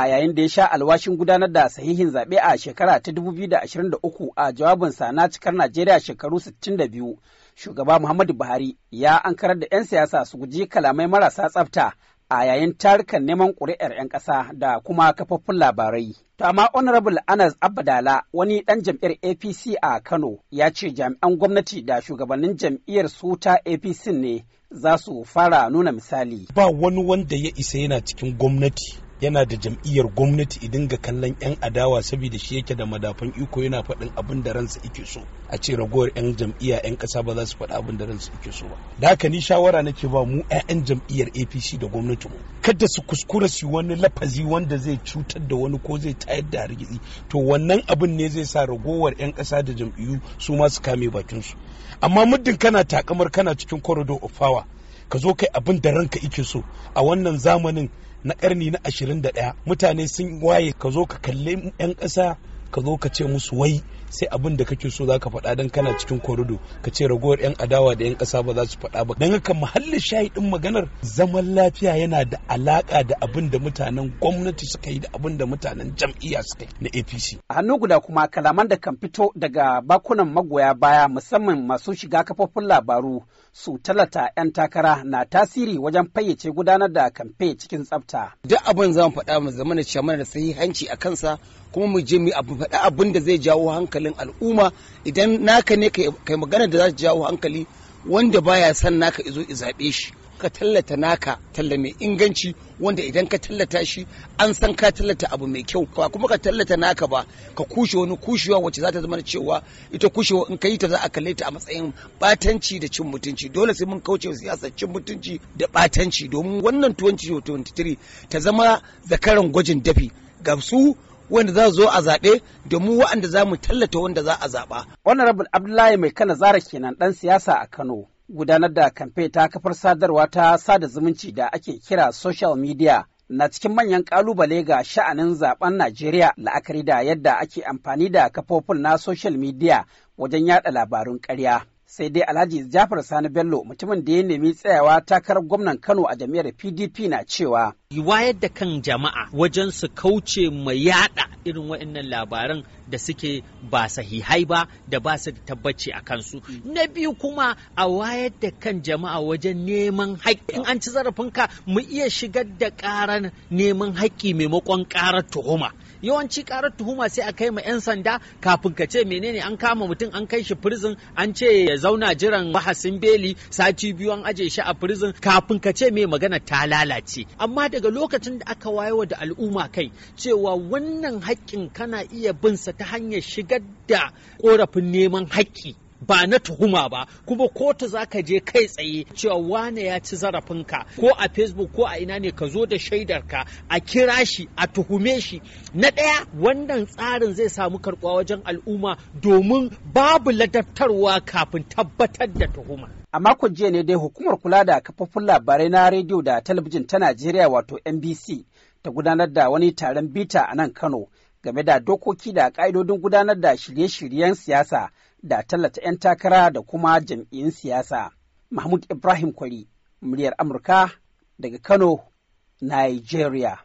a yayin da ya sha alwashin gudanar da sahihin zaɓe a shekara ta 2023 a jawabinsa na cikar Najeriya shekaru 62. Shugaba Muhammadu Buhari ya ankarar da 'yan siyasa su guji kalamai marasa tsafta a yayin tarukan neman ƙuri'ar 'yan ƙasa da kuma kafaffun labarai. To amma Honorable Anas Abadala wani ɗan jam'iyyar APC a Kano ya ce jami'an gwamnati da shugabannin jam'iyyar su ta APC ne za su fara nuna misali. Ba wani wanda ya isa yana cikin gwamnati yana da jam'iyyar gwamnati idan ga kallon 'yan adawa saboda shi yake da madafan iko yana faɗin abin da ransa ike so a ce ragowar 'yan jam'iyya 'yan ƙasa ba za su faɗi abin da ransa ike so ba da haka ni shawara nake ba mu 'ya'yan jam'iyyar apc da gwamnati mu kada su kuskura su wani lafazi wanda zai cutar da wani ko zai tayar da hargitsi to wannan abin ne zai sa ragowar 'yan ƙasa da jam'iyyu su ma su kame bakinsu amma muddin kana takamar kana cikin corridor of power ka zo kai abin da ranka ike so a wannan zamanin na karni na 21 mutane sun waye ka zo ka kalli 'yan ƙasa ka zo ka ce musu wai sai abin da kake so zaka faɗa dan kana cikin korido ka ce ragowar yan adawa da yan kasa ba za su faɗa ba dan haka muhallin shahidin maganar zaman lafiya yana da alaka da abin da mutanen gwamnati suka yi da abin da mutanen jam'iyya suka yi na APC a hannu guda kuma kalaman da kan fito daga bakunan magoya baya musamman masu shiga kafofin labaru su talata 'yan takara na tasiri wajen fayyace gudanar da kamfe cikin tsafta. Duk abin za faɗa mu zama na cewa mana da sahihanci a kansa kuma mu je mu abu faɗi abin da zai jawo hankalin al'umma idan naka ne kai magana da za ta jawo hankali wanda baya son naka izo i zaɓe shi ka tallata naka talla mai inganci wanda idan ka tallata shi an san ka tallata abu mai kyau ba kuma ka tallata naka ba ka kushe wani kushewa wacce za ta zama cewa ita kushewa in ka yi ta za a kalle ta a matsayin batanci da cin mutunci dole sai mun kauce siyasar cin mutunci da batanci domin wannan 2023 ta zama zakaran gwajin dafi ga su wanda za zo a zaɓe da mu waɗanda za mu tallata wanda za a zaɓa. Honorable Abdullahi mai kana zara kenan ɗan siyasa a Kano gudanar da kamfe ta kafar sadarwa ta sada zumunci da ake kira social media na cikin manyan ƙalubale ga sha'anin zaɓen Najeriya la'akari da yadda ake amfani da kafofin na social media wajen yada labarun ƙarya. sai dai alhaji jafar sani bello mutumin da ya nemi tsayawa takarar gwamnan kano a jami'ar pdp na cewa wayar da kan jama'a wajen su kauce ma yada irin waɗannan labaran da suke ba sahihai ba da ba su da tabbaci a kansu mm. na biyu kuma a wayar da kan jama'a wajen neman haƙƙi in an ci zarafinka mu iya shigar da ƙaran neman haƙƙi maimakon ƙarar tuhuma yawanci karar tuhuma sai a kai ma 'yan sanda kafin ka ce menene an kama mutum an kai shi prison an ce ya zauna jiran bahasin beli sati biyu an aje shi a prison kafin ka ce mai magana ta lalace amma daga lokacin da aka wayewa da al'umma kai cewa wannan haƙƙin kana iya bin sa ta hanyar shigar da ƙorafin neman haƙƙi ba na tuhuma ba kuma kotu za ka je kai tsaye cewa wane ya ci zarafinka ko a facebook ko a ina ne ka zo da shaidarka a kira shi a tuhume shi na ɗaya wannan tsarin zai samu karɓuwa wajen al'umma domin babu ladabtarwa kafin tabbatar da tuhuma a makon jiya ne dai hukumar kula da kafofin labarai na rediyo da talabijin ta najeriya wato nbc ta gudanar da wani taron bita a nan kano game da dokoki da ƙa'idodin gudanar da shirye-shiryen siyasa da tallata 'yan takara da kuma jam'iyyun siyasa. Mahmud Ibrahim Kwari, muryar Amurka daga Kano, Nigeria.